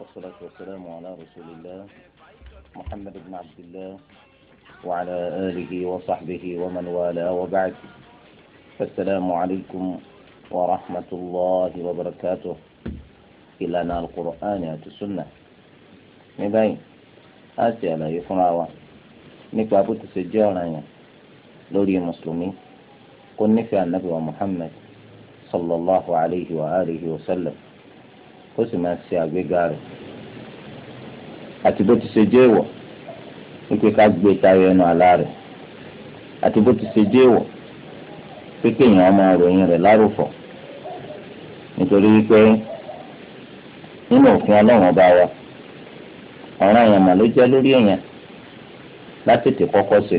والصلاة والسلام على رسول الله محمد بن عبد الله وعلى آله وصحبه ومن والاه وبعد السلام عليكم ورحمة الله وبركاته إلى أن القرآن والسنة نبين آسيا لا يفنعوا نكوى أبو تسجيرنا لوري المسلمين كن نفع النبي ومحمد صلى الله عليه وآله وسلم ó sì máa ṣe àgbéga rẹ̀ àti bó ti ṣe jẹ́ ìwọ̀ wípé ká gbé tayọ ẹnu àlá rẹ̀ àti bó ti ṣe jẹ́ ìwọ̀ pé kéèyàn máa ròyìn rẹ̀ lárúfọ̀ nítorí wípé nínú òfin ọlọ́run wa ọ̀ràn èèyàn mà ló jẹ́ lórí èèyàn látètè kọ́kọ́ ṣe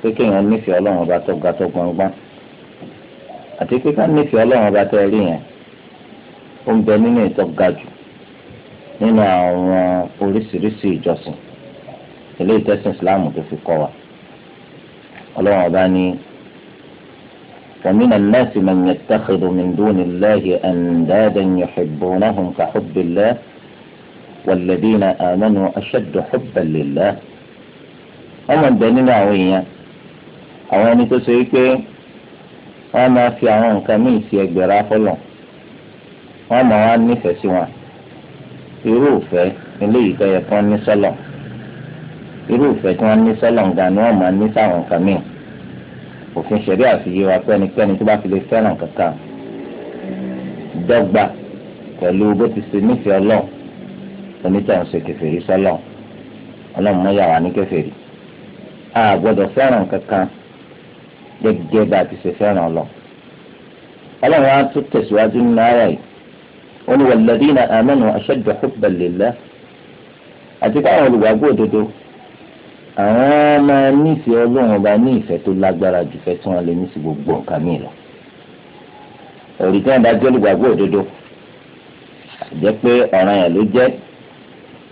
pé kéèyàn nífẹ̀ẹ́ ọlọ́run ọba tó ga tó gbọngbọ́n àti ká nífẹ̀ẹ́ ọlọ́run tó ó ń bẹ nínú ìtọ́ga nínú àwọn oríṣiríṣi ìjọsìn ilé tẹ́sán islam tó fi kọ́ wa ọlọ́run ọba ní ومن الناس من يتخذ من دون الله أندادا يحبونهم كحب الله والذين آمنوا أشد حبا لله أما الدنيا وين أو أن تسيكي وما في عنك من سيكبر فلون wọ́n mọ̀ wá nífẹ̀ẹ́ sí wọn irú ìfẹ́ eléyìí tó yẹ kí wọ́n ní sọ́lọ̀ irú ìfẹ́ tí wọ́n ní sọ́lọ̀ ńgá ni wọ́n máa ní sáwọn nǹkan míì òfin ṣẹ̀rí àfiyé wa pẹ́nikẹ́ni tó bá fi lè fẹ́ràn kankan dọ́gba pẹ̀lú bó ti ṣe nífẹ̀ẹ́ ọlọ́ọ̀ onítàn ṣe kèfèrí sọ́lọ̀ ọlọ́run mọ́ yàrá ní kèfèrí a gbọ́dọ̀ fẹ́ràn kankan gẹ́gẹ́ bá ti ṣe fẹ́ràn ọlọ́ọ̀ ọlọ́run á tún tẹ̀síwájú nínú ara yìí wọn walladhina amanu ashaddu hubban lillah àti káwọn olùgbàgbọ́ òdodo àwọn máa nífẹ̀ẹ́ ọlọ́run ọba ní ìfẹ́ tó lágbára jù fẹ́ tí wọ́n lè ní sí gbogbo nǹkan míì lọ. òrì tí wọ́n bá jẹ́ olùgbàgbọ́ òdodo jẹ́ pé ọ̀ràn yẹn ló jẹ́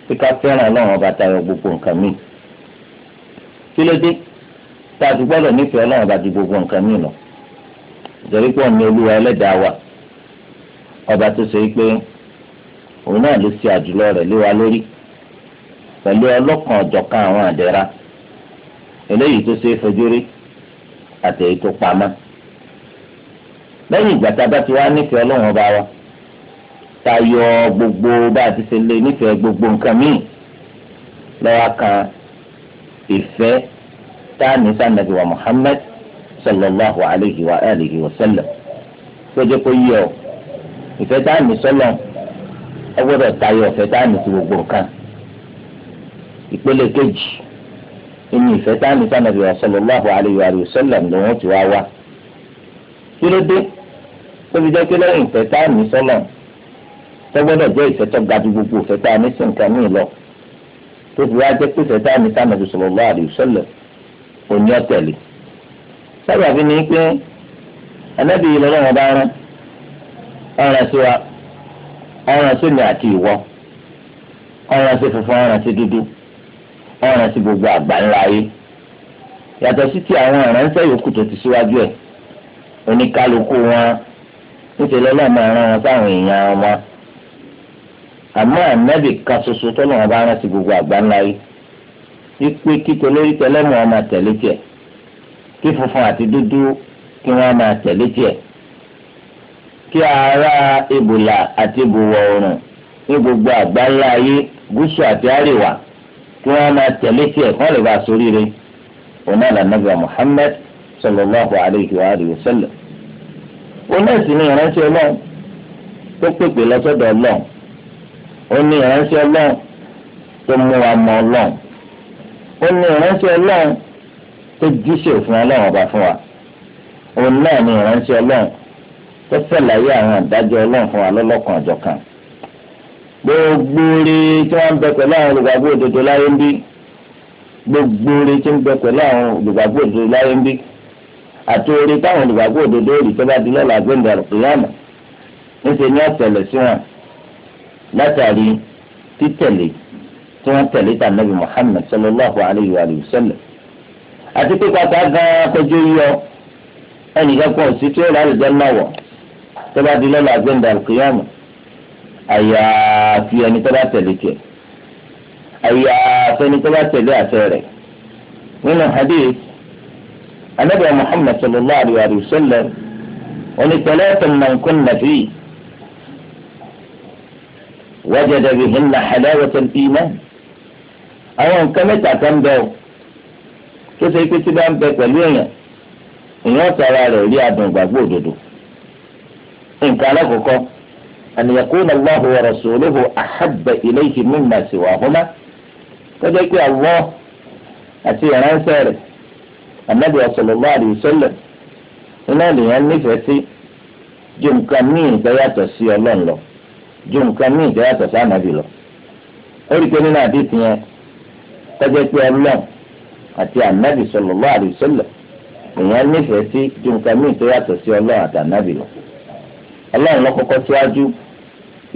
pé ká fẹ́ràn ọlọ́run ọba tayọ gbogbo nǹkan míì. kí ló dé tá a ti gbọ́dọ̀ nífẹ̀ẹ́ ọlọ́run ọba ju gbogbo nǹkan míì lọ. ìjọba pé ọ̀nà olúwa ẹlẹ́dàá wà ọba tó ṣe pé òun náà ló ṣe àjùlọ rẹ̀ lé wa lórí pẹ̀lú ọlọ́kan ọ̀jọ̀kan àwọn àdẹ́ra eléyìí tó ṣe é fojú rí àti èyí tó pamọ́ lẹ́yìn ìgbà tá a bá ti wá nífẹ̀ẹ́ ọlọ́run ọba wa tá yọ gbogbo bá a ti ṣe lé nífẹ̀ẹ́ gbogbo nǹkan míì lọ́wọ́ kan ìfẹ́ tá a ní sànàbí wa sallallahu alayhi wa alihi wa sallam tó jẹ́ kó yí ọ ìfẹ́ tá a ní sọ́lọ̀ ẹ gbọ́dọ̀ tayọ ìfẹ́ tá a ní ti gbogbo nǹkan ìpele kejì inú ìfẹ́ tá a ní sànàbí sallallahu alayhi wa sallam ló wọ́n ti wá wá kí ló dé tó fi jẹ́ pé lẹ́yìn ìfẹ́ tá sọ́lọ̀ tó gbọ́dọ̀ jẹ́ ìfẹ́ tó ga ju gbogbo ìfẹ́ tá sí nǹkan míì lọ tó wá jẹ́ pé ìfẹ́ tá sànàbí sallallahu alayhi wa ọ̀ràn sí wa ọ̀ràn sí mi àti ìwọ ọ̀ràn sí funfun ọ̀ràn sí dúdú ọ̀ràn gbogbo àgbà ńlá ayé yàtọ̀ sí ti àwọn ìránṣẹ́ yòókù tó ti síwájú ẹ̀ oníkálukú wọn nítorí ọlọ́mọ ẹran wọn sáwọn èèyàn wọn àmọ́ ànábì kan ṣoṣo tó lọ́wọ́ bá gbogbo àgbà ńlá yìí wípé kí tolórí tẹlẹ́mù wọn máa tẹ̀lé tiẹ̀ kí funfun àti dúdú kí wọ́n kí ara ibùlà àti ibùwọ̀ oòrùn ní gbogbo àgbáńlá ayé gúúsù àti àríwá kí wọ́n máa tẹ̀lé tiẹ̀ kí wọ́n lè bá a sóríire òun náà lànàbà Muhammad sallallahu alayhi wa alihi wa sallam. òun náà sì ní ìrántí ọlọ́run tó pèpè lọ́sọ̀dọ̀ ọlọ́run ó ní ìrántí ọlọ́run tó mú wa mọ ọlọ́run ó ní ìrántí ọlọ́run tó jíṣẹ́ òfin ọlọ́run ọba fún wa òun náà ní ìrántí ọlọ́run tó sàlàyé àwọn àdájọ́ ọlọ́run fún wa lọ́lọ́kan àjọkan gbogbo rí tí wọ́n ń bẹ pẹ̀lú àwọn olùgbàgbọ́ òdodo láyé ń bí gbogbo rí tí ń bẹ pẹ̀lú àwọn olùgbàgbọ́ òdodo láyé ń bí àti orí táwọn olùgbàgbọ́ òdodo rí tó bá di lọ́la gbẹ̀ndà ìyáàmà níṣẹ́ ni ọ̀tẹ̀lẹ̀ sí wọn látàrí títẹ̀lé tí wọ́n tẹ̀lé tà nàbì Muhammad sallallahu alayhi wa sallam àti pé kàkà gan-an yíyọ ẹnìkan kan ò sí tí ó rà àlùjẹ́ náà wọ̀ tọ́ba di lọ́la àgbẹ̀ǹdà àyà àyàfi ẹni tọ́ba tẹ̀lé tiẹ̀ àyàfi ẹni tọ́ba tẹ̀lé àṣẹ rẹ̀ nínú hadith anabi muhammad sallallahu alayhi wa sallam wọn ìtẹ̀lẹ́ tẹ̀ mọ̀ nkún nàfi wajada bihinna halawata al-iman àwọn nǹkan mẹ́ta kan bẹ́ẹ̀ o tó ṣe pé tí bá ń bẹ pẹ̀lú èèyàn èèyàn tara rẹ̀ rí adùn ìgbàgbọ́ dodo. nǹkan alákọ̀ọ́kọ́ an yakuna Allahu wa rasuluhu ahabba ilayhi mimma siwahuma kọjá pé Allah àti ìránṣẹ́ rẹ̀ anabi sallallahu alayhi wa sallam iná ènìyàn nífẹ̀ẹ́ sí ju nǹkan míì ìdáyàtọ̀ sí ọlọ́run lọ ju nǹkan míì ìdáyàtọ̀ sí ànábì lọ ó rí i pé nínú àdìsí yẹn kọjá pé ọlọ́run àti ànábì sallallahu alayhi wa sallam èèyàn nífẹ̀ẹ́ sí ju nǹkan míì ìdáyàtọ̀ sí ọlọ́run àti ànábì lọ ọlọ́run lọ kọ́kọ́ síwájú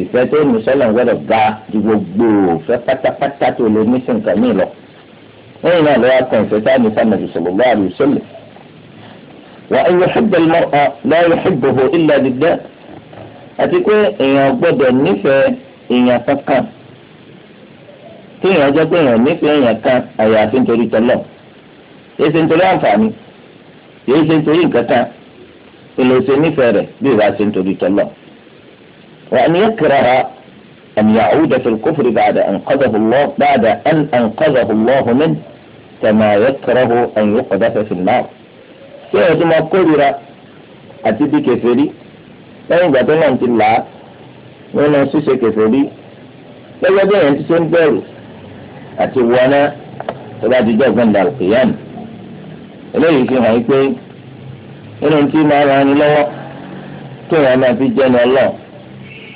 ìfẹ́ tó ní sọ́lọ̀ gbọ́dọ̀ ga ju gbogbo òfẹ́ pátápátá tó lè ní sí nǹkan míì lọ. lẹ́yìn náà lọ́wọ́ kan ìfẹ́ sáà ní sàmì ìṣòlò bá àrùn ìṣòlò. wà á yọ ṣùgbọ́n ìmọ̀ọ́ lọ́wọ́ ṣùgbọ́n ìlà dídẹ́ àti pé èèyàn gbọ́dọ̀ nífẹ̀ẹ́ èèyàn kankan tí èèyàn jẹ́ pé èèyàn nífẹ̀ẹ́ èèyàn kan àyàfi nítorí tọ́lọ̀ èsì nítorí àǹfààní èsì nítorí nǹkan kan ìlòsè nífẹ̀ẹ́ rẹ̀ bí ìbá ṣe ń torí tọ́lọ̀. وأن يكره أن يعود في الكفر بعد أن قذف الله بعد أن أنقذه الله منه كما يكره أن يقذف في النار. kí ẹ̀ tó máa kórìíra àti bí kèfèrí lẹ́yìn ìgbà tó náà ti là á nínú ṣíṣe kèfèrí lọ́jọ́ bí èèyàn ti ṣe ń nínú tí máa ràn ni lọ́wọ́ tí èèyàn máa fi jẹ́ ni ọlọ́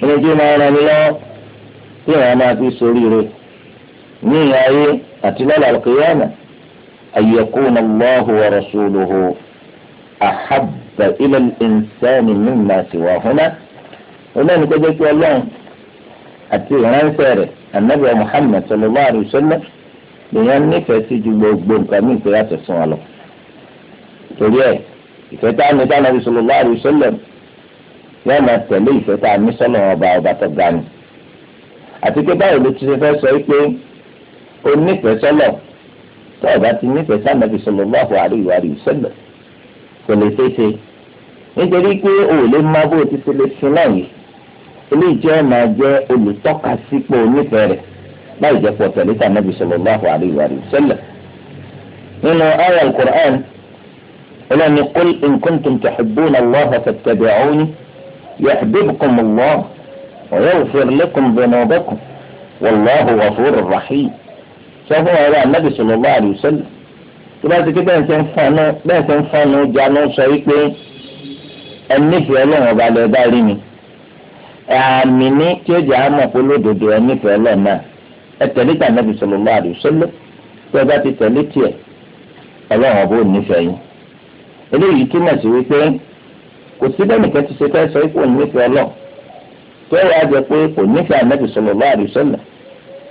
nínú tí máa ràn ni lọ́wọ́ tí èèyàn máa fi ṣoríire ní ìhà ayé àti lọ́la al-qiyamah ayyakuna Allahu wa rasuluhu ahabba ila al-insani mimma siwahuma olóòní kó jẹ́ kí ọlọ́run àti ìránṣẹ́ rẹ̀ anabi muhammed sallallahu alayhi wa nífẹ̀ẹ́ sí ju gbogbo nǹkan mìíràn yàtọ̀ sí wọn lọ torí ẹ̀ ìfẹ́ tá a ní dáná bí sọlọ́lá àdìsọ́lẹ̀ yóò máa tẹ̀lé ìfẹ́ tá a ní sọ́nà ọba ọba tó ga ni. àti pé báyìí ló ti ṣe fẹ́ sọ pé o nífẹ̀ẹ́ sọ́lọ̀ tó ọba ti nífẹ̀ẹ́ sáà bí sọlọ́lá àdìsọ́lẹ̀ kò lè tètè nítorí pé o ò lè má bó o ti ṣe lè sin náà yìí eléyìí jẹ́ máa jẹ́ olùtọ́ka sípò onífẹ̀ẹ́ rẹ̀ láì jẹ́ pọ̀ tẹ̀lé tá a nábì ọlọ́ni qul in kuntum tuhibbuna Allaha fattabi'uni yuhbibkum Allah wa yaghfir lakum dhunubakum wallahu ghafurur rahim sọ fún ọ̀rọ̀ anabi sallallahu alayhi wa sallam tó bá ti ké bẹ́ẹ̀ ṣe ń fọnú bẹ́ẹ̀ ṣe ń fọnú jánu sọ wípé ẹnífẹ̀ẹ́ ọlọ́run ọba lè bá rí mi àmì ní tí ó jẹ́ àmọ̀ pé lódodo ẹnífẹ̀ẹ́ ọlọ́run náà ẹ tẹ̀lé tà anabi sallallahu alayhi wa sallam tó bá ti tẹ̀lé tiẹ̀ ọlọ́run ọba ò nífẹ̀ẹ́ yín eléyìí túmọ̀ sí wípé kò sí bẹ́ẹ̀ nìkan ti ṣe fẹ́ sọ ipò nífẹ̀ẹ́ ọlọ́ọ̀ tó yà á jẹ pé kò nífẹ̀ẹ́ ànábì sallallahu alaihi wasallam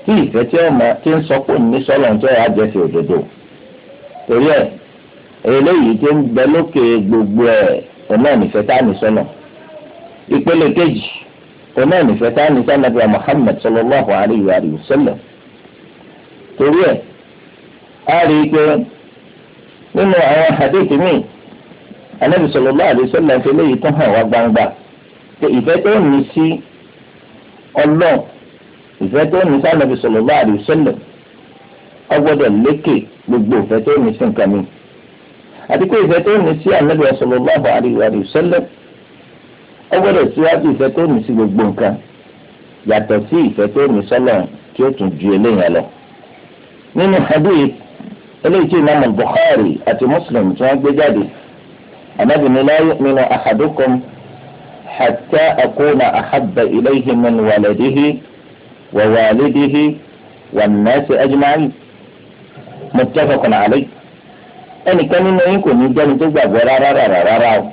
tí ìfẹ́ tí ó mọ tí ń sọ pé ní sọ́lọ̀ tó yà á jẹ sí òdodo torí ẹ̀ eléyìí tí ń bẹ lókè gbogbo ẹ̀ ọ̀nà ìfẹ́ tá ní sọ́lọ̀ ìpele kejì ọ̀nà ìfẹ́ tá ní sànàbì Muhammad sallallahu alaihi wasallam torí ẹ̀ á rí i pé nínú àwọn hadith míì anabi sallallahu alaihi wasallam fi léyìí tó hàn wá gbangba pé ìfẹ́ tó ní sí Ọlọ́run ìfẹ́ tó ní sí anabi sallallahu alaihi wasallam ọgbọ́dọ̀ lékè gbogbo ìfẹ́ tó ní sí nǹkan mi àti pé ìfẹ́ tó ní sí anabi sallallahu alaihi wasallam ọgbọ́dọ̀ síwájú ìfẹ́ tó ní sí gbogbo nǹkan yàtọ̀ sí ìfẹ́ tó ní sọ́lọ̀ tí ó hadith eléyìí tí Imam Bukhari àti Muslim tí wọ́n gbé jáde anabi ni la yu'minu ahadukum hatta akuna ahabba ilayhi min waladihi wa walidihi wa nasi ajma'in muttafaqun alayhi ẹnìkan nínú yín kò ní jẹ́ni tó gbàgbọ́ rárá rárá rárá o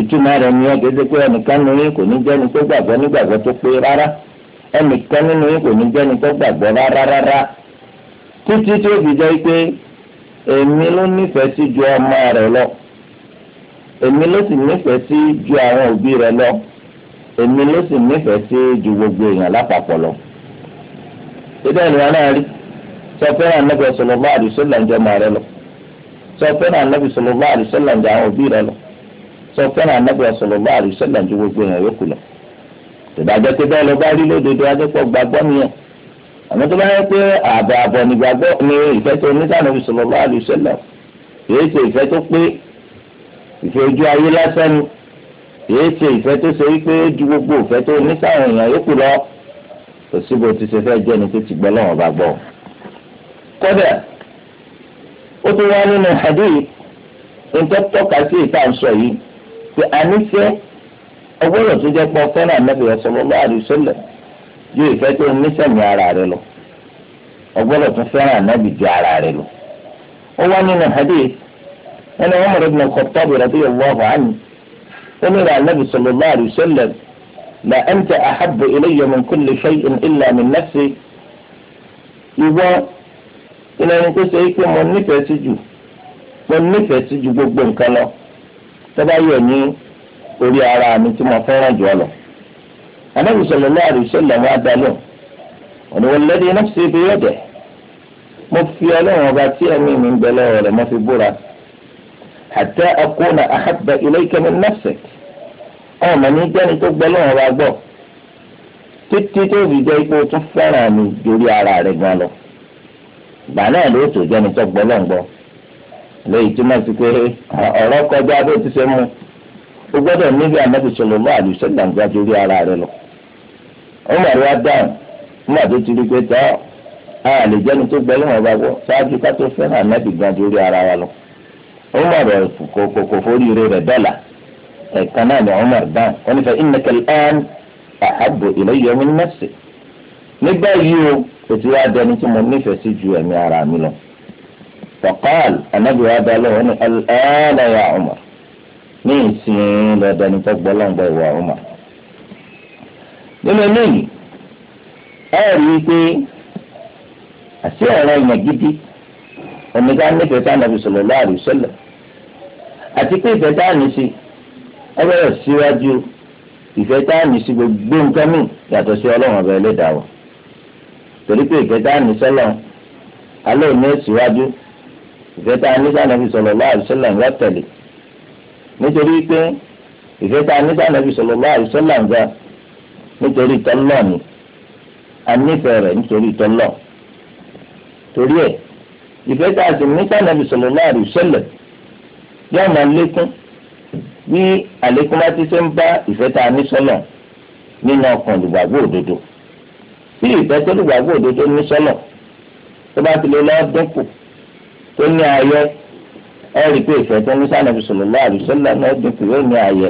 ìtumọ̀ rẹ̀ ni ẹgbẹ́sẹ̀ pé ẹnìkan nínú yín kò ní jẹ́ni tó gbàgbọ́ nígbàgbọ́ tó pé rárá ẹnìkan nínú yín kò ní jẹ́ni tó gbàgbọ́ rárá rárá títí tó fi jẹ́ pé èmi ló nífẹ̀ẹ́ sí ju ọmọ rẹ̀ lọ èmi ló sì nífẹ̀ẹ́ sí ju àwọn òbí rẹ lọ èmi ló sì nífẹ̀ẹ́ sí ju gbogbo èèyàn lápapọ̀ lọ. ìdá ìlú wọn náà rí sọ fẹ́ràn anábì sallallahu alaihi wasallam jọ màá rẹ lọ sọ fẹ́ràn anábì sallallahu alaihi wasallam jọ àwọn òbí rẹ lọ sọ fẹ́ràn anábì sallallahu alaihi wasallam ju gbogbo èèyàn yòókù lọ. ìdájọ́ pé bẹ́ẹ̀ lọ bá rí lódodo adépọ̀ gbàgbọ́ nìyẹn àmọ́ tó bá yẹ pé ààbọ̀ ààbọ̀ nígbàgbọ́ ni ìfẹ́ tó ní sànàbì sallallahu alaihi wasallam yóò ṣe ìfẹ́ tó pé ìfẹ́ ojú ayé lásán ni èyí ṣe ìfẹ́ tó ṣe wípé ó ju gbogbo ìfẹ́ tó ní sáwọn èèyàn yòókù lọ kò síbo ti ṣe fẹ́ jẹ́ ni tó ti gbọ́ lọ́wọ́ bá gbọ́. kódà ó tún wá nínú hadith nǹkan tọ́ka sí ìta ń sọ yìí pé àníṣe ọgbọ́dọ̀ tó jẹ́ pọ̀ fẹ́ràn Ànábì sallallahu alaihi wasallam ju ìfẹ́ tó níṣẹ̀mí ara rẹ lọ ọgbọ́dọ̀ tó fẹ́ràn Ànábì ju ara rẹ lọ. ó wá nínú hadith ẹni Umar ibn al-Khattab radiyallahu anhu onírà anábì sallallahu alayhi wa sallam la anta ahabbu ilayya min kulli shay'in illa min nafsi ìwọ ìlànà tó ṣe é pé mo nífẹ̀ẹ́ sí jù mo nífẹ̀ẹ́ sí ju gbogbo nǹkan lọ tó bá yẹ ní orí ara mi tí mo fẹ́ràn jù ọ lọ. Ànábì sallallahu alaihi wasallam wa dalẹ̀ ọ̀nà walladhi nafsi biyadihi mo fi ọlọ́run ọba tí ẹ̀mí mi ń bẹ lọ́wọ́ rẹ̀ mo fi búra hatta akuna ahabba ilayka min nafsik ọmọ ní jẹ́ni tó gbọ́ lọ́wọ́ wa gbọ́ títí tó fi jẹ́ ipò tún fẹ́ràn mi lórí ara rẹ̀ gan lọ ìgbà náà ló tó jẹ́ni tó gbọ́ lọ́wọ́ gbọ́ lẹ́yìn tó máa ti pé ọ̀rọ̀ kọjá bó ti ṣe mú o gbọ́dọ̀ níbi ànábì sallallahu alaihi wasallam gbájú ara rẹ̀ lọ. Umar wa dáhùn nígbà tó ti rí pé tọ́ a lè jẹ́ni tó gbọ́ lọ́wọ́ bá gbọ́ ṣáájú ká tó fẹ́ràn ànábì gbájú orí ara wa lọ. Umar kò foríire rẹ̀ dọ́là ẹ̀ka náà ni Umar dáhùn wọ́n ní fa innaka al-an ahabbu ilayya min nafsi nígbà yìí o kò tí wàá dẹni tí mo nífẹ̀ẹ́ sí ju ẹ̀mí ara mi lọ. faqal anabi wa dá lọ́wọ́ ní al-an ya Umar ní ìsìn lọ dẹni tó gbọ́ lọ́ngbọ́ ìwà Umar. nínú eléyìí ẹ rí i pé àti ọ̀rọ̀ ìyàn gidi ẹni ká ní ìfẹ́ tá nàbì sallallahu alaihi wasallam àti pé ìfẹ́ tá ní sí ẹ bẹ̀rẹ̀ síwájú ìfẹ́ tá ní sí gbogbo nǹkan mi yàtọ̀ sí ọlọ́run ọba ẹlẹ́dàá wa torí pé ìfẹ́ tá ní sọ́lọ̀ alẹ́ òní síwájú ìfẹ́ tá ní ká nàbì sallallahu alaihi wasallam ńlá tẹ̀lé nítorí pé ìfẹ́ tá ní ká nàbì sallallahu alaihi ńlá nítorí tọ́lọ́ ni a nífẹ̀ẹ́ rẹ̀ nítorí tọ́lọ́ torí ẹ̀ ìfẹ́ tá a sì ní sànàbì sallallahu alaihi wasallam yóò máa lékún bí àlékún bá ti ṣe ń bá ìfẹ́ tá a ní sọ́nà nínú ọkàn olùgbàgbọ́ òdodo bí ìfẹ́ tó olùgbàgbọ́ òdodo ní sọ́nà tó bá ti lè lọ́ọ́ dínkù tó ní ayẹ ẹ rí i pé ìfẹ́ tó ní sànàbì sallallahu alaihi wasallam náà dínkù yóò ní ayẹ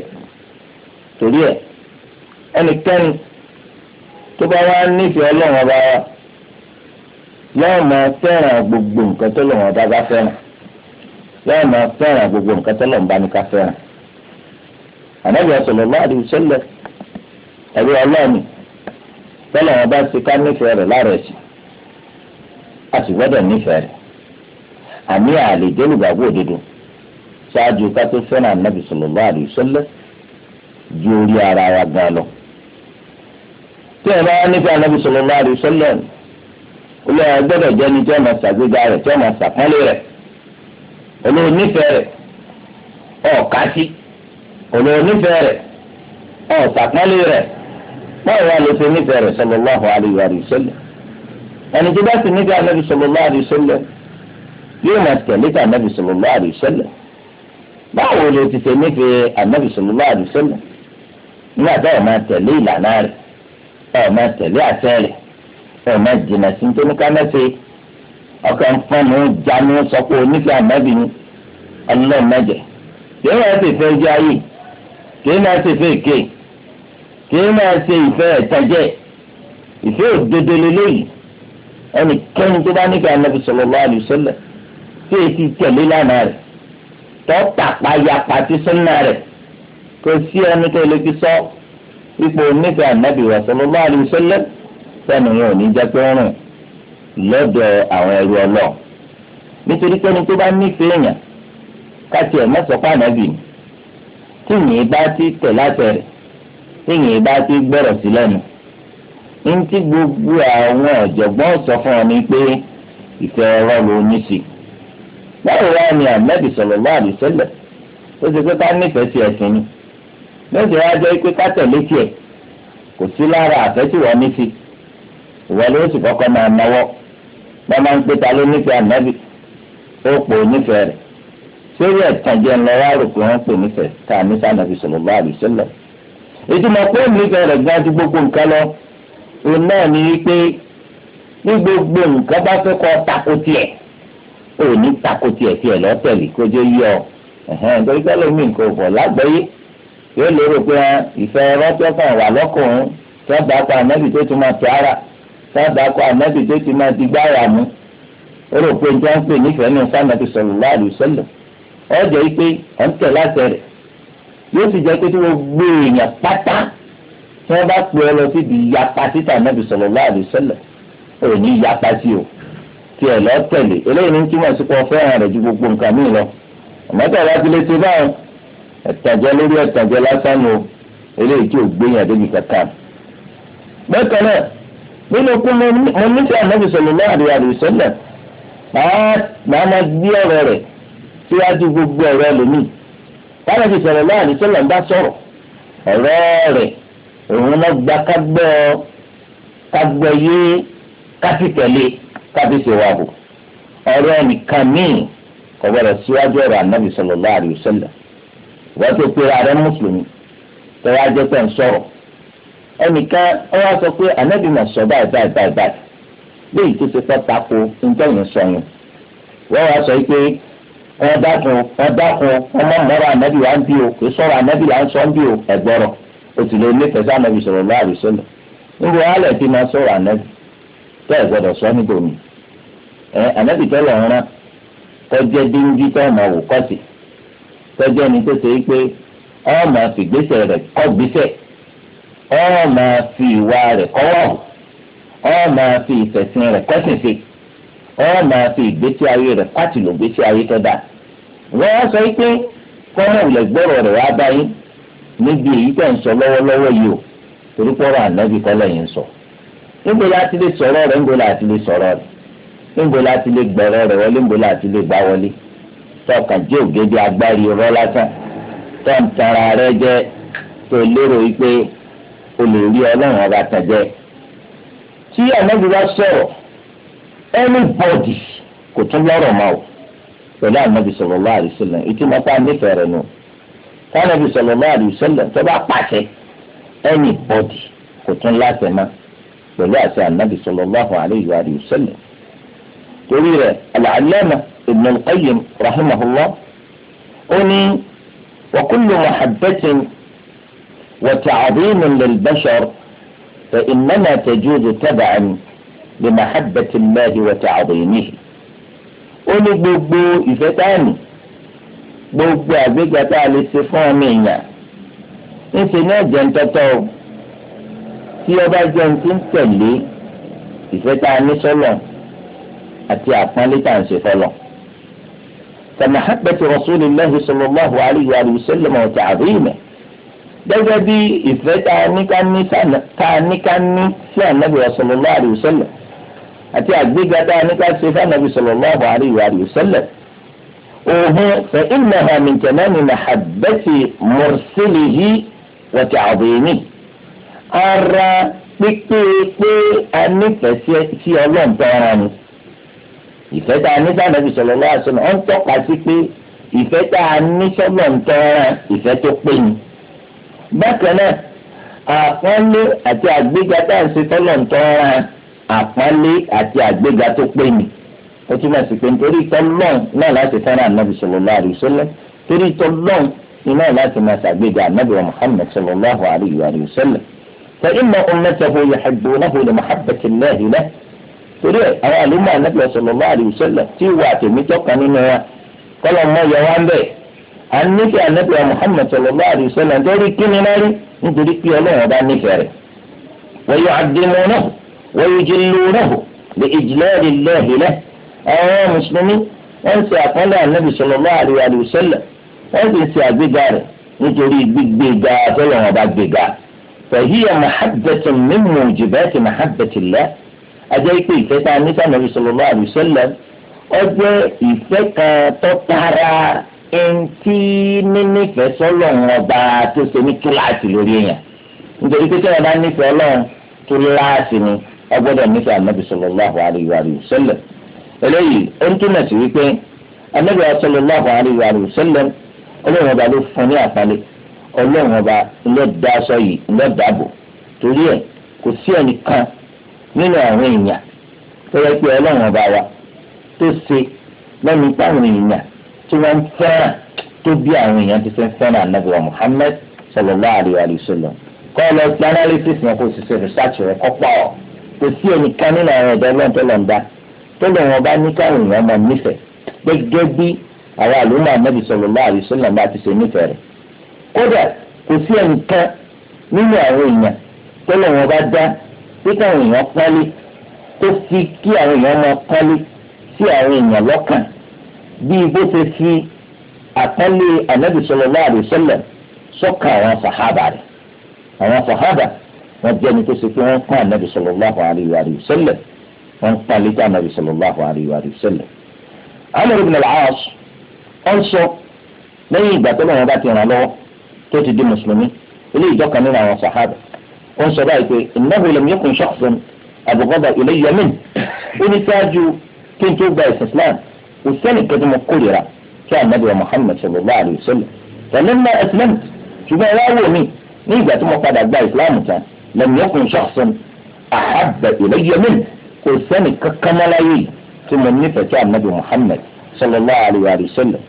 torí ẹ ẹnikẹ́ni tó bá wá nífẹ̀ẹ́ ọlọ́run ọba wa yóò máa fẹ́ràn gbogbo nǹkan tó lọ́wọ́ bá bá fẹ́ràn yóò máa fẹ́ràn gbogbo nǹkan tó lọ́wọ́ bá ní ká fẹ́ràn. ànábì sallallahu alaihi wasallam ẹ̀rí ọlọ́ọ̀nì tọ́lọ̀ wọn bá ti ká nífẹ̀ẹ́ rẹ̀ láàrẹ̀ sí a sì gbọ́dọ̀ nífẹ̀ẹ́ rẹ̀ àmì àlè jólùgbàgbọ́ òdodo ṣáájú ká tó fẹ́ràn ànábì sallallahu alaihi wasallam ju orí ara wa gan lọ. tí ẹ bá wá nífẹ̀ẹ́ ànábì sallallahu alaihi wasallam olóyè gbọ́dọ̀ jẹ́ ni tí wọ́n máa ṣàgbéga rẹ̀ tí wọ́n máa ṣàpọ́nlé rẹ̀ olóyè nífẹ̀ẹ́ rẹ̀ ọ̀kásí olóyè nífẹ̀ẹ́ rẹ̀ ọ̀ṣàpọ́nlé rẹ̀ báwo wá ló ṣe nífẹ̀ẹ́ rẹ̀ sallallahu alaihi wa sallam ẹni tí bá sì nífẹ̀ẹ́ anábì sallallahu alaihi wa sallam yóò máa tẹ̀lé tà anábì sallallahu alaihi wa sallam báwo ló ti ṣe nífẹ̀ẹ́ anábì sallallahu alaihi wa sallam nígbà táwọn máa ìlànà rẹ̀ táwọn máa tẹ̀lé àṣẹ ẹ má jìnnà sí ní tóní kánẹ́sì ọkàn fọ́ọ̀nù jánu sọ pé onífẹ́ ànábì ni ọlọ́ọ̀ mẹ́jẹ kí náà sì fẹ́ ojú ayé kí náà sì fẹ́ èké kí náà sì ìfẹ́ ẹ̀tẹ́jẹ́ ìfẹ́ òdodo lélẹ́yìí ẹnikẹ́ni tó bá nífẹ̀ẹ́ ànábì sallallahu alaihi wasallam tí èsì tẹ̀lé lánàá rẹ̀ tọ́tàpá yapa ti súnà rẹ̀ kò sí ẹni tó lè fi sọ ipò nífẹ̀ẹ́ ànábì sallallahu alaihi wasallam sẹ́nu yẹn ò ní jẹ́ pé rùn lọ́dọ̀ àwọn ẹrú ọlọ́ọ̀ nítorí pé ẹni tó bá nífẹ̀ẹ́ èèyàn káti ẹ̀ mọ́sọ̀pá ànábì tí yìnyín bá ti tẹ̀ látẹ̀rẹ̀ tí yìnyín bá ti gbọ́rọ̀ sí lẹ́nu ní ti gbogbo àwọn ọ̀jọ̀gbọ́n sọ fún ọ ní pé ìfẹ́ ọ̀rọ̀ ló ní sí i báwo wá ni ahmed sallallahu alaihi wasallam ó ti pé ká nífẹ̀ẹ́ sí ẹ̀sìn ni lóṣèlú ajọ́ pé ká tẹ̀lé tiẹ̀ kò sí lára àfẹ́ ní sí i ìwọ ló sì kọ́kọ́ máa náwó wọ́n máa ń pè ta ló nífẹ̀ẹ́ ànábì ó pò nífẹ̀ẹ́ rẹ̀ sórí ẹ̀tànjẹ́ ńlọ wá rò pé wọ́n pè nífẹ̀ẹ́ tá a ní sànàbì sallallahu alaihi wasallam ìtumọ̀ pé nífẹ̀ẹ́ rẹ̀ gbá ju gbogbo nǹkan lọ òun náà ní wípé ní gbogbo nǹkan bá fẹ́ kọ́ tako tiẹ̀ ò ní tako tiẹ̀ tiẹ̀ lọ́tẹ̀lì kójú yí ọ nítorí pé lómi nǹkan ò bọ̀ lágbẹ́yé yóò lérò pé ah, ìfẹ́ rọ́tẹ́ fún àwà lọ́kùnrin tó bá pa ànábì tó tún máa tẹ ara sábà kọ ànábì tó ti máa ti gbára mú ó rò pé njẹ́ ń pè nífẹ̀ẹ́ ní sànàbì sallallahu alaihi wasallam ó jẹ́ pé ọ̀ ń tẹ̀ láti rẹ̀ yóò sì jẹ́ pé tí wọ́n gbé èèyàn pátá tí wọ́n bá pè ọ lọ sí ibi yapa títà ànábì sallallahu alaihi wasallam ò ní yapa sí o tí ẹ lọ tẹ̀lé eléyìí ní túmọ̀ sí pé ọ fẹ́ràn rẹ̀ ju gbogbo nǹkan míì lọ àmọ́tẹ̀ láti lè ṣe báwọn ẹ̀tàjẹ́ lórí nínú kú mo nífẹ̀ẹ́ ànábì sallallahu alaihi wasallam màá máa gbé ọ̀rọ̀ rẹ̀ síwájú gbogbo ọ̀rọ̀ ẹlòmíì táwọn ti sallallahu alaihi wasallam bá sọ̀rọ̀ ọ̀rọ̀ rẹ̀ òun náà gba kágbọ́ kágbọ́ yé kápítẹ̀lé kápítẹ̀ wà bò ọ̀rọ̀ nìkan míì kò gbọdọ̀ síwájú ọ̀rọ̀ ànábì sallallahu alaihi wasallam wọ́n ti pera rẹ̀ mùsùlùmí tọ́wọ́ ẹnìkan ọ wá sọ pé anabi mà sọ báyìí báyìí báyìí báyìí léyìí tó ti fẹ́ tako ntẹ́yìn sọyìn wọ́n wá sọ pé wọ́n dákun wọ́n dákun ọmọ mọ́rọ̀ anabi wa ń bí o kò sọ̀rọ̀ anabi wa ń sọ ń bí o ẹ̀gbọ́rọ̀ o sì lè nífẹ̀ẹ́ sí anabi sọ̀rọ̀ lọ́wọ́ àbísọ́lẹ̀ níbo alẹ́ fi máa sọ̀rọ̀ anabi tẹ́ ẹ̀ gbọ́dọ̀ sọ níbo mi ẹ anabi tẹ́lẹ̀ ń rán díndín tẹ́ ọmọ wò kọ́sì kọjá ni tó ṣe é pé ọmọ fìgbésẹ̀ rẹ̀ kọ́ ọ máa fi ìwà rẹ̀ kọ́wọ́ ọ máa fi ìfẹ̀sìn rẹ̀ kọ́sìnfẹ̀ ọ máa fi ìgbésí ayé rẹ̀ pàtìlò ìgbésí ayé tó dáa wọ́n sọ pé kọ́nà ìlẹ̀ gbọ́rọ̀ rẹ̀ wá báyìí níbi èyí tẹ̀ ń sọ lọ́wọ́lọ́wọ́ yìí o torí pọ́rọ̀ ànábì kọ́lẹ̀ yìí ń sọ níbo la ti lè sọ̀rọ̀ rẹ̀ níbo la ti lè sọ̀rọ̀ rẹ̀ níbo la ti lè gbọ̀rọ̀ rẹ̀ wọlé níbo la ti lè gbá wọlé tọkàn jẹ́ ògèdè agbárí rọ́ lásán tọ́ ń tara rẹ jẹ́ tó lérò wípé o lè rí ọlọ́run ọba tẹ̀jẹ́ tí ànábi bá sọ̀rọ̀ anybody kò tún lọ́rọ̀ mọ́ o pẹ̀lú ànábi sallallahu alaihi wasallam ìtumọ̀ tá a nífẹ̀ẹ́ rẹ̀ nù kánàbi sallallahu alaihi wasallam tó bá pàṣẹ anybody kò tún láṣẹ mọ́ pẹ̀lú àṣẹ ànábi sallallahu alaihi wasallam torí rẹ̀ al-allama ibn al-qayyim rahimahullah ó ní wa kullu mahabbatin. وتعظيم للبشر فإنما تجوز تبعا لمحبة الله وتعظيمه أولي بوبو إفتاني بوبو أبيك تالي سفامينا إنسي نجن تتو في أبا جنسين تلي إفتاني سلو أتي أطمالي تانسي سلو فمحبة رسول الله صلى الله عليه وسلم وتعظيمه gẹ́gẹ́ bí ìfẹ́ tá a ní ká ní sí ànábì sallallahu alaihi wasallam àti àgbéga tá a ní ká ṣe fánábì sallallahu alaihi wasallam òhun fa innaha min tamami mahabbati mursilihi wa ta'zimi ara pípé pé a nífẹ̀ẹ́ sí ọlọ́run tó ara ni ìfẹ́ tá a ní sí ànábì sallallahu alaihi ọ̀ ń tọ́ka sí pé ìfẹ́ tá a ní sọ́lọ́run ara ìfẹ́ tó pé ni bákan náà àpọ́nlé àti àgbéga tá à ń ṣe tọ́lọ̀ ń tọ́ra àpọ́nlé àti àgbéga tó pé mi ó túmọ̀ sí pé nítorí tọ́lọ́n náà láti fẹ́ràn ànábì sallallahu alaihi wasallam torí tọ́lọ́n iná láti máa ṣàgbéga ànábì wa Muhammad sallallahu alaihi wasallam fa inna ummatahu yuhibbunahu li mahabbati Allahi lahu torí àwọn àlùmọ́ ànábì sallallahu alaihi wasallam tí ìwà àtẹ̀mítọ́ kan nínú wa kọ́lọ́ mọ́ yẹ wá bẹ́ẹ̀ ànífẹ́ ànábì Muhammad sallallahu alaihi wasallam nítorí kíni náà rí nítorí pé ọlọ́run ọba nífẹ̀ẹ́ rẹ̀ wa yu'azzimunahu wa yujillunahu bi ijlali Allahi lahu àwọn mùsùlùmí wọ́n ń ṣe àpọ́nlé ànábì sallallahu alaihi wasallam wọ́n sì ń ṣe àgbéga rẹ̀ nítorí gbígbéga tọ́lọ́run ọba gbéga fẹ̀híyà mahabbatun min mujibati mahabbatillah ajẹ́ pé ìfẹ́ tá a ní sallallahu alaihi wasallam ọjọ́ ìfẹ́ kan tọ́ ẹnití nínífẹ̀ẹ́ sọ́lọ́run ọba tó ṣe ní kíláàsì lórí èèyàn nítorí pé sẹ́wọ̀n bá nífẹ̀ẹ́ ọlọ́run tó láàsì ni ọgbọ́dọ̀ nífẹ̀ẹ́ anábì sallallahu alaihi wa sallam eléyìí ó ń túmọ̀ sí wípé anábì sallallahu alaihi wa sallam ọlọ́run ọba ló fún ní àpálẹ́ ọlọ́run ọba lọ́dà aṣọ yìí lọ́dà àbò torí ẹ̀ kò sí ẹnìkan nínú àwọn èèyàn tó yẹ pé ọlọ́run ọba wa tó ṣe lẹ́nu táwọn èèyàn tí wọ́n ń fẹ́ràn tó bí àwọn èèyàn ti fẹ́ fẹ́ràn ànábì wa Muhammad sallallahu alaihi wa sallam kọ́ ọ lọ gba analysis yẹn kó o sì ṣe research rẹ kọ́pọ̀ kò sí ẹnìkan nínú àwọn ẹ̀dá ọlọ́run tó lọ́n dá tó lọ́ wọn bá ní káwọn èèyàn máa nífẹ̀ẹ́ gẹ́gẹ́ bí àwọn àlùmọ́ ànábì sallallahu alaihi wa bá ti ṣe nífẹ̀ẹ́ rẹ̀ kódà kò sí ẹnìkan nínú àwọn èèyàn tó lọ́ wọn bá dá pé káwọn èèyàn pọ́nlé tó fi kí àwọn èèyàn máa pọ́nlé sí àwọn èèyàn lọ́kàn bíi bó ṣe fi àtẹlé anabi sallallahu alaihi wasallam sọkà àwọn sàhábà rẹ̀ àwọn sàhábà wọn jẹ́ ẹni tó ṣe pé wọ́n kọ́ anabi sallallahu alaihi wasallam wọ́n palẹ̀ tó anabi sallallahu alaihi wasallam. Amr ibn al-As ọ̀ ń sọ lẹ́yìn ìgbà tó lọ́wọ́ bá ti ràn lọ́wọ́ tó ti di mùsùlùmí ilé ìjọka nínú àwọn sàhábà ó ń sọ báyìí pé innahu والثاني كده مقولي كان نبي محمد صلى الله عليه وسلم فلما أسلمت شوف لا هو مين مين تم مقعد أتباع إسلام كان لم يكن شخص أحب إلي منه والثاني كملايين ثم نفى كان نبي محمد صلى الله عليه وآله وسلم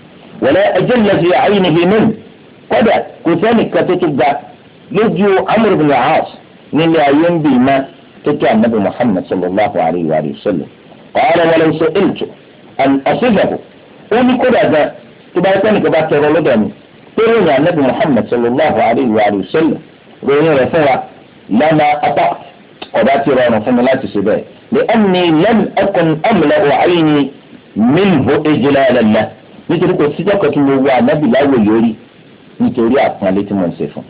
ولا أجل في عينه منه قد كثاني كتتبع يجي عمرو بن العاص من يعين بما تتبع النبي محمد صلى الله عليه وآله وسلم قال ولو سئلت àṣìjàbò ó ní kódà gan tó bá sẹ́ni kó bá tọrọ lọ́dọ̀ mi tó ròyìn anábì muhammed sallallahu alayhi wa sallam ròyìn rẹ̀ fún wa lánà apá ọ̀dà ti rọrùn fún mi láti ṣe bẹ́ẹ̀ lè ẹn ní lẹ́n ẹkùn ẹ̀mìlẹ̀ wà áyì ni mílíọ̀ ejìlá ẹ̀lẹ́lẹ́ nítorí kò síjọ́ kan tí mo wọ anábì láwò lórí nítorí àpọ́nlé tí mo ń ṣe fún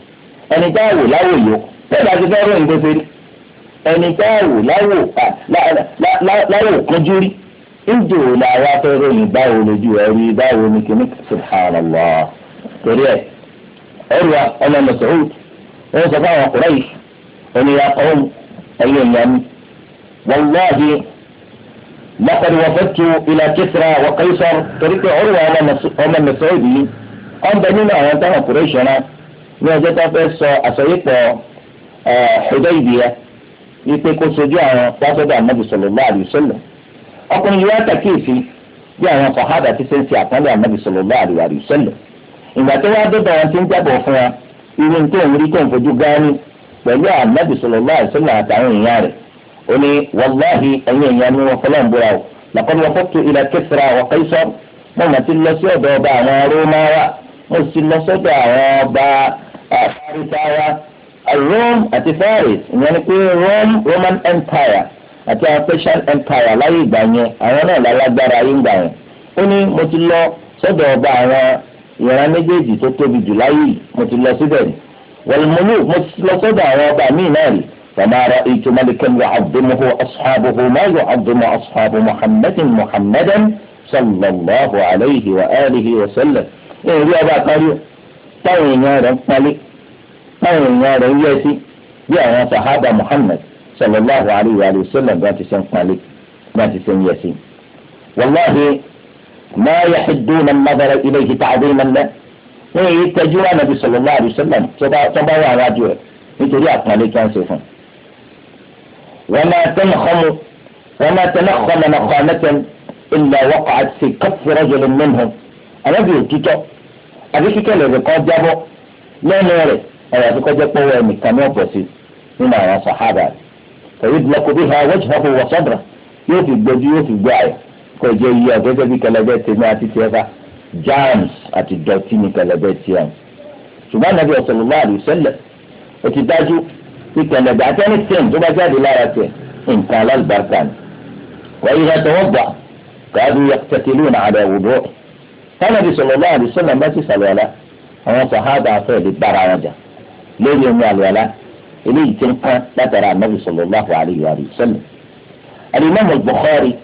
ẹni dáwò láwò yó bẹ́ẹ̀ ti fẹ́ ròyìn gbèsè ìjò làwa tó ròyìn báwo lójú ẹ rí báwo ni kìíní subhanallah torí ẹ ẹrù ọmọ mọ̀sọ̀rọ̀ wọn sọ fáwọn ọkùnrin yìí oníyà ọ̀hún ẹ̀yìn ìyá mi wàlúwàdì lọ́kọ̀dé wọ́n fẹ́ tu ilà kíkìrà wọ́n kẹ́ sọ̀rọ̀ torí pé ọ̀rù ọmọ mọ̀sọ̀rọ̀ yìí wọ́n bẹ nínú àwọn táwọn ọkùnrin ṣọ̀nà ní ọjọ́ tó fẹ́ sọ àsọyípọ̀ Hudaybiyah wípé kó sojú àwọn pásọ̀dọ̀ ànábì sallallahu alaihi wasallam ọkùnrin yìí wá tàkìyèsí bí àwọn sọ̀hádà ti ṣe ń ṣe àpọ́nlé ànábì sallallahu alaihi wasallam ìgbà tó wá dọ́dọ̀ wọn ti ń jábọ̀ fún wa irú tó ń rí tó ń fojú gání pẹ̀lú ànábì sallallahu alaihi wasallam àtàwọn èèyàn rẹ̀ ó ní wàláhì ẹ̀yìn èèyàn ni wọ́n fọlọ́n búra o laqad wafadtu ila Kisra wa Qaisar mo mà ti lọ sí ọ̀dọ̀ ọba àwọn rómáwá mo sì lọ sọ́dọ̀ àwọn ọba farisawa rome àti faris ìyẹn ni pé rome Roman Empire àti àwọn Persian Empire láyé ìgbà yẹn àwọn náà lálágbára ayé ìgbà yẹn ó ní mo ti lọ sọ́dọ̀ ọba àwọn ìran méjèèjì tó tóbi jù láyé yìí mo ti lọ síbẹ̀ rí wàlúmọ́lù mo ti lọ sọ́dọ̀ àwọn ọba míì náà rí sàmárà ìtumọ̀lẹ́kẹ́ni àdèmọ́hó asxaabuhu máyọ̀ àdèmọ́ asxaabu muhammadin muhammadan sallallahu alayhi wa alihi wa sallam èrí ọba kárí táwọn èèyàn rẹ̀ ń palẹ̀ táwọn èèyàn rẹ̀ ń yẹ bí àwọn sàhábà muhammad صلى الله عليه وآله وسلم بات سن فالك بات سن ياسين والله ما يحدون النظر إليه تعظيما له ويتجوى النبي صلى الله عليه وسلم صبا على راجوه يتجوى فالك ياسين وما تنخم وما تنخم نخامة إلا وقعت في كف رجل منهم أنا في الكتاب أبي كتاب لقاب جابه لا نوري أنا في كتاب قوة مكتمة بسيط من الصحابة فيدلق بها وجهه وصدره يوفي الجدي يوفي الجاي كوجي يا جدي كلابات ما تتيفا germs àti dọ̀tí ní kẹlẹ̀bẹ̀ tiẹ̀ ṣùgbọ́n nàbí sallallahu alaihi wasallam ó ti dájú pé kẹlẹ̀bẹ̀ àti ẹni tẹ̀ tó bá jáde lára tẹ̀ nǹkan alálùbáríkà ni. wọ́n yíra tọwọ́ gbà káàdù yaqtatiluna ala wudu. kánàbí sallallahu alaihi wasallam bá ti sàlùwàlá àwọn sàhábà afẹ́ eléyìí ti ń pọn látara anabi sallallahu alayhi wa sallam alimam al-bukhari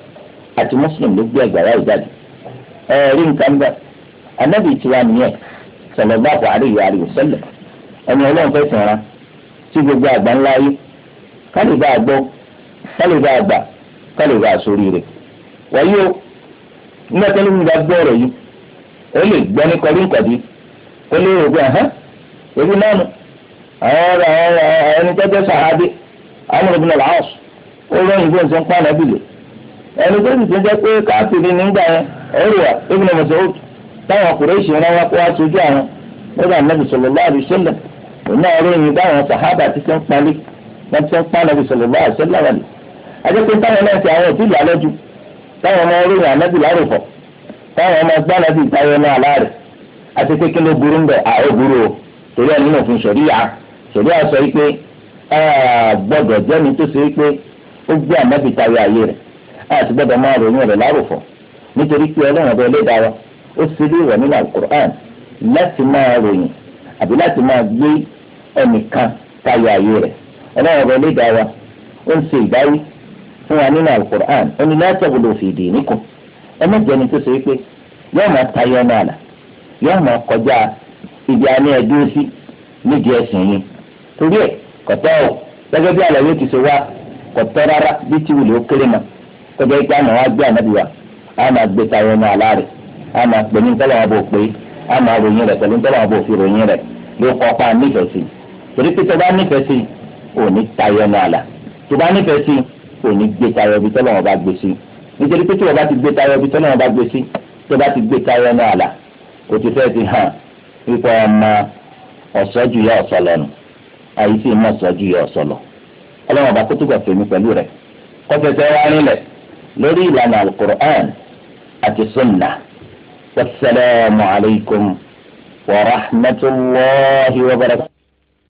àti muslim ló gbé ẹgbàá yìí jáde ẹẹrí nǹkan bẹ anabi tiwa nìyẹn sallallahu alayhi wa sallam ẹni Ọlọ́run fẹẹ sọra tí gbogbo àgbà ńlá yìí kálíbà àgbọ kálíbà àgbà kálíbà àsórí rẹ wáyé o nígbà tó ń gba gbọrọ yìí ó lè gbọ́ ní kọrí nkọdí ó lè rògbò ẹhán ebi náà nù. àwọn ẹni tó jẹ́ sàhábí Amr ibn al-As ó lóyìn bó ń sọ ń pààlà bìlẹ̀ ẹni tó sì ti jẹ́ pé káfíìrì nígbà yẹn Urwa ibn Mas'ud táwọn Quraysh rán wá kó wá sojú àwọn nígbà Nabi sallallahu alaihi wasallam òun náà lóyìn báwọn sàhábà ti sẹ́ ń palẹ̀ sẹ́ ń wà táwọn náà ti àwọn ṣẹ̀rí àṣọ yìí pé gbọ́dọ̀ jẹ́ni tó ṣe pé ó gbé ànábì tayọ ayé rẹ̀ àti gbọ́dọ̀ máa ròyìn rẹ̀ láròfọ̀ nítorí pé ọlọ́run ọba ẹlẹ́dàá wa ó ṣe lé ìwà nínú alukur'an láti máa ròyìn àbí láti máa gbé ẹnìkan tayọ ayé rẹ̀ ọlọ́run ọba ẹlẹ́dàá wa ó ń ṣe ìbáwí fún wa nínú alukur'an ó ní láti ọ̀gbọ̀dọ̀ fìdí nìkan ẹ má tó ṣe pé yóò máa tayọ náà yóò máa kọjá ibi àní ẹ̀dúró sí nídìí ẹ̀sìn yìí torí ẹ̀ kọ̀tọ́ ọ̀ gẹ́gẹ́ bí àlàyé ti ṣe wá kọ̀tọ́ rárá bí ti wùlé ó kéré mọ́ kọjá ipá àná wá gbé ànábì wa á máa gbé tayọ ọmọ àlá rẹ̀ á máa pè ní ntọ́lọ́wọ́ bò pé á máa ròyìn rẹ̀ pẹ̀lú ntọ́lọ́wọ́ bò fi ròyìn rẹ̀ ló kọ́ pa nífẹ̀ẹ́ sí torí pé tọ́ba nífẹ̀ẹ́ sí ò ní tayọ ọmọ àlá tọ́ba nífẹ̀ẹ́ sí ò ní gbé tayọ ibi tọ́lọ́wọ́ bá gbé sí nítorí pé tọ́ba ti gbé tayọ ibi tọ́lọ́wọ́ bá gbé sí tọ́ba ti gbé tayọ ọmọ àlá kò ti ti hàn wípé ọmọ ọ̀sọ́ ju ọ̀sọ́ lọ́nu àyè sì mọ̀ sọ́jú yọ ọ̀sọ̀lọ̀ ọlọ́run ọba kótó gbà fèmí pẹ̀lú rẹ̀ kọ́fẹ́sẹ́ wá nílẹ̀ lórí ìlànà alukur'an àti sunna wasalaamu wa rahmatulahi wa barakatuh.